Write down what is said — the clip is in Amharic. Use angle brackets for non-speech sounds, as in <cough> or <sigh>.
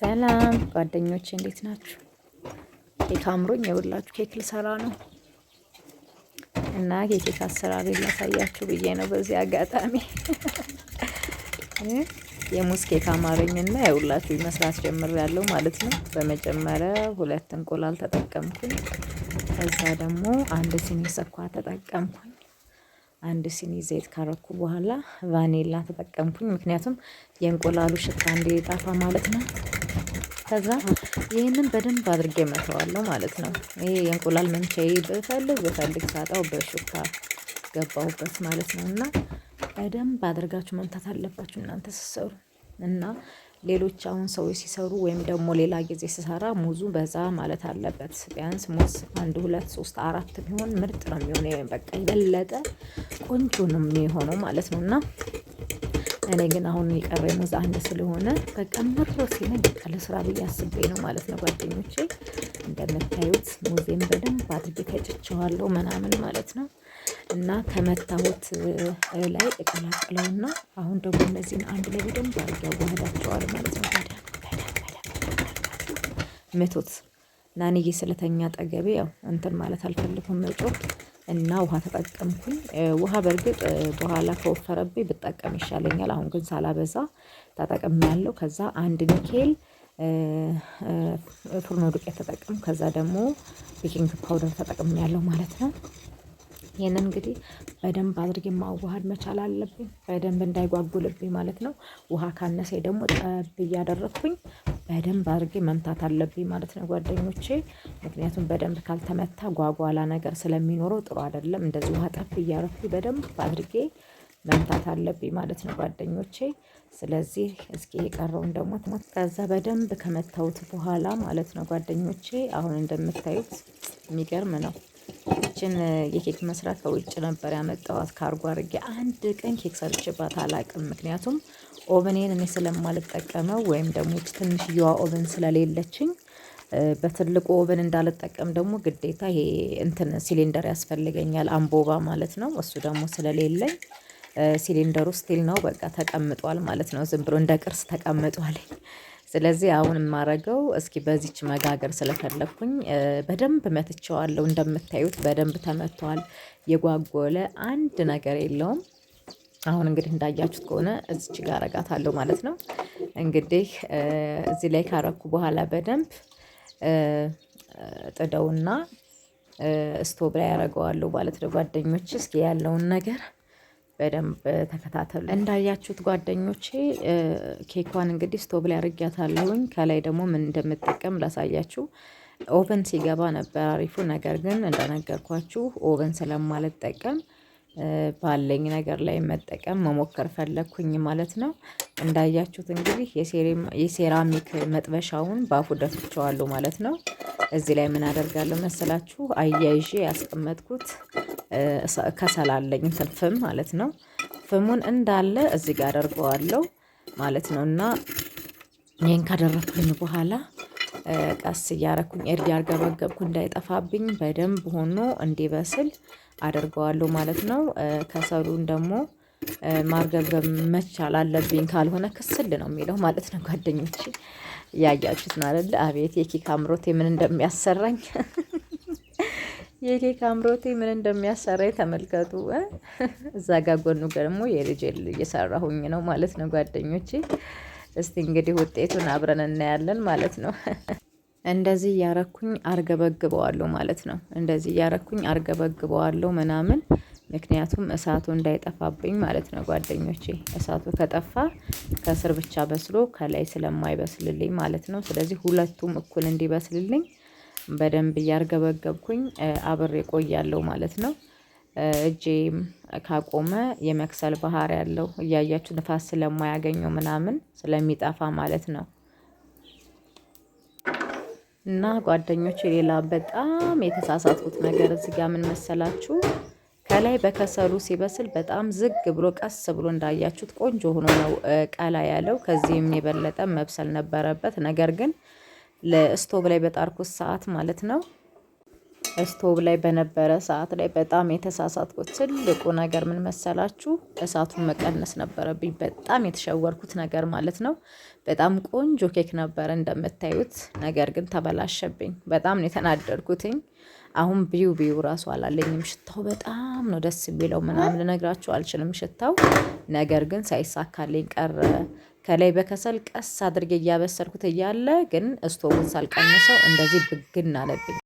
ሰላም ጓደኞቼ እንዴት ናችሁ? ኬክ አምሮኝ የውላችሁ ኬክ ልሰራ ነው እና የኬክ አሰራር ላሳያችሁ ብዬ ነው። በዚህ አጋጣሚ <laughs> የሙዝ ኬክ አማረኝና የውላችሁ መስራት ጀምር ያለው ማለት ነው። በመጀመሪያ ሁለት እንቁላል ተጠቀምኩኝ። ከዛ ደግሞ አንድ ሲኒ ስኳር ተጠቀምኩኝ። አንድ ሲኒ ዘይት ካረኩ በኋላ ቫኒላ ተጠቀምኩኝ። ምክንያቱም የእንቁላሉ ሽታ እንዲጣፋ ማለት ነው። ከዛ ይህንን በደንብ አድርጌ መተዋለሁ ማለት ነው። ይሄ የእንቁላል መንቻዬ ብፈልግ ብፈልግ ሳጣው በሹካ ገባሁበት ማለት ነው። እና በደንብ አድርጋችሁ መምታት አለባችሁ እናንተ ስትሰሩ እና ሌሎች አሁን ሰዎች ሲሰሩ ወይም ደግሞ ሌላ ጊዜ ሲሰራ ሙዙ በዛ ማለት አለበት። ቢያንስ ሙዝ አንድ ሁለት ሶስት አራት ቢሆን ምርጥ ነው የሚሆነው። በቃ የበለጠ ቆንጆ ነው የሚሆነው ማለት ነው እና እኔ ግን አሁን የቀረ ሙዝ አንድ ስለሆነ በቃ ምሮ ሲለኝ በቃ ለስራ ብዬ አስቤ ነው ማለት ነው ጓደኞቼ። እንደምታዩት ሙዜም በደንብ አድርጌ ፈጭቸዋለሁ ምናምን ማለት ነው። እና ከመታሁት ላይ እቀላቅለው እቀላቅለውና አሁን ደግሞ እነዚህን አንድ ላይ በደንብ አድርጌ አዋህዳቸዋል ማለት ነው። ምቶት ናንዬ ስለተኛ ጠገቤ ያው እንትን ማለት አልፈልግም መጮት እና ውሃ ተጠቀምኩኝ። ውሃ በእርግጥ በኋላ ከወፈረብኝ ብጠቀም ይሻለኛል። አሁን ግን ሳላበዛ ያለው ከዛ አንድ ኒኬል ፍርኖ ዱቄት ተጠቀም፣ ከዛ ደግሞ ቤኪንግ ፓውደር ያለው ማለት ነው። ይህንን እንግዲህ በደንብ አድርጌ ማዋሃድ መቻል አለብኝ፣ በደንብ እንዳይጓጉልብኝ ማለት ነው። ውሃ ካነሰ ደግሞ ጠብ እያደረግኩኝ በደንብ አድርጌ መምታት አለብኝ ማለት ነው ጓደኞቼ። ምክንያቱም በደንብ ካልተመታ ጓጓላ ነገር ስለሚኖረው ጥሩ አይደለም። እንደዚህ ውሃ ጠፍ እያረኩ በደንብ አድርጌ መምታት አለብኝ ማለት ነው ጓደኞቼ። ስለዚህ እስኪ የቀረውን ደግሞ ከዛ በደንብ ከመታውት በኋላ ማለት ነው ጓደኞቼ አሁን እንደምታዩት የሚገርም ነው። ይችን የኬክ መስራት ከውጭ ነበር ያመጣዋት ካርጎ አድርጌ። አንድ ቀን ኬክ ሰርችባት አላቅም። ምክንያቱም ኦቨኔን እኔ ስለማልጠቀመው ወይም ደግሞ ትንሽየዋ ኦቨን ስለሌለችኝ በትልቁ ኦቨን እንዳልጠቀም ደግሞ ግዴታ ይሄ እንትን ሲሊንደር ያስፈልገኛል፣ አምቦባ ማለት ነው። እሱ ደግሞ ስለሌለኝ ሲሊንደሩ ስቲል ነው፣ በቃ ተቀምጧል ማለት ነው። ዝም ብሎ እንደ ቅርስ ተቀምጧል። ስለዚህ አሁን የማረገው እስኪ በዚች መጋገር ስለፈለግኩኝ በደንብ መትቸዋለሁ። እንደምታዩት በደንብ ተመቷል። የጓጎለ አንድ ነገር የለውም። አሁን እንግዲህ እንዳያችሁት ከሆነ እዚች ጋር አረጋታለሁ ማለት ነው። እንግዲህ እዚህ ላይ ካረኩ በኋላ በደንብ ጥደውና ስቶብ ላይ ያደረገዋለሁ ማለት ነው። ጓደኞች እስኪ ያለውን ነገር በደንብ ተከታተሉ። እንዳያችሁት ጓደኞቼ ኬኳን እንግዲህ ስቶብ ላይ አርጊያታለሁኝ። ከላይ ደግሞ ምን እንደምጠቀም ላሳያችሁ። ኦቨን ሲገባ ነበር አሪፉ። ነገር ግን እንደነገርኳችሁ ኦቨን ስለማልጠቀም ባለኝ ነገር ላይ መጠቀም መሞከር ፈለግኩኝ ማለት ነው። እንዳያችሁት እንግዲህ የሴራሚክ መጥበሻውን በአፉ ደፍቼዋለሁ ማለት ነው። እዚህ ላይ ምን አደርጋለሁ መሰላችሁ? አያይዤ ያስቀመጥኩት ከሰላለኝ እንትን ፍም ማለት ነው። ፍሙን እንዳለ እዚህ ጋር አደርገዋለሁ ማለት ነው እና ይህን ካደረኩኝ በኋላ ቀስ እያረኩኝ እርድ ያርገበገብኩ እንዳይጠፋብኝ በደንብ ሆኖ እንዲበስል አደርገዋለሁ ማለት ነው። ከሰሉን ደግሞ ማርገብገብ መቻል አለብኝ፣ ካልሆነ ክስል ነው የሚለው ማለት ነው። ጓደኞች ያያችሁት ነው አቤት የኬክ አምሮቴ ምን እንደሚያሰራኝ <laughs> የኬክ አምሮቴ ምን እንደሚያሰራኝ ተመልከቱ። እዛ ጋ ጎኑ ደግሞ የልጅ እየሰራሁኝ ነው ማለት ነው ጓደኞቼ እስቲ እንግዲህ ውጤቱን አብረን እናያለን ማለት ነው። <laughs> እንደዚህ እያረኩኝ አርገበግበዋለሁ ማለት ነው። እንደዚህ እያረኩኝ አርገበግበዋለሁ ምናምን ምክንያቱም እሳቱ እንዳይጠፋብኝ ማለት ነው ጓደኞቼ። እሳቱ ከጠፋ ከስር ብቻ በስሎ ከላይ ስለማይበስልልኝ ማለት ነው። ስለዚህ ሁለቱም እኩል እንዲበስልልኝ በደንብ እያርገበገብኩኝ አብሬ ቆያለሁ ማለት ነው። እጄ ካቆመ የመክሰል ባህሪ ያለው እያያችሁ ንፋስ ስለማያገኘው ምናምን ስለሚጠፋ ማለት ነው። እና ጓደኞች ሌላ በጣም የተሳሳትኩት ነገር እዚህ ጋር ምን መሰላችሁ? ከላይ በከሰሉ ሲበስል በጣም ዝግ ብሎ ቀስ ብሎ እንዳያችሁት ቆንጆ ሆኖ ነው ቀላ ያለው። ከዚህም የበለጠ መብሰል ነበረበት። ነገር ግን ለስቶቭ ላይ በጣርኩት ሰዓት ማለት ነው ስቶቭ ላይ በነበረ ሰዓት ላይ በጣም የተሳሳትኩት ትልቁ ነገር ምን መሰላችሁ? እሳቱን መቀነስ ነበረብኝ። በጣም የተሸወርኩት ነገር ማለት ነው። በጣም ቆንጆ ኬክ ነበረ እንደምታዩት፣ ነገር ግን ተበላሸብኝ። በጣም ነው የተናደድኩትኝ። አሁን ቢዩ ቢዩ እራሱ አላለኝም። ሽታው በጣም ነው ደስ የሚለው ምናምን ልነግራችሁ አልችልም ሽታው። ነገር ግን ሳይሳካልኝ ቀረ። ከላይ በከሰል ቀስ አድርጌ እያበሰልኩት እያለ ግን እስቶቡን ሳልቀንሰው እንደዚህ ብግን አለብኝ።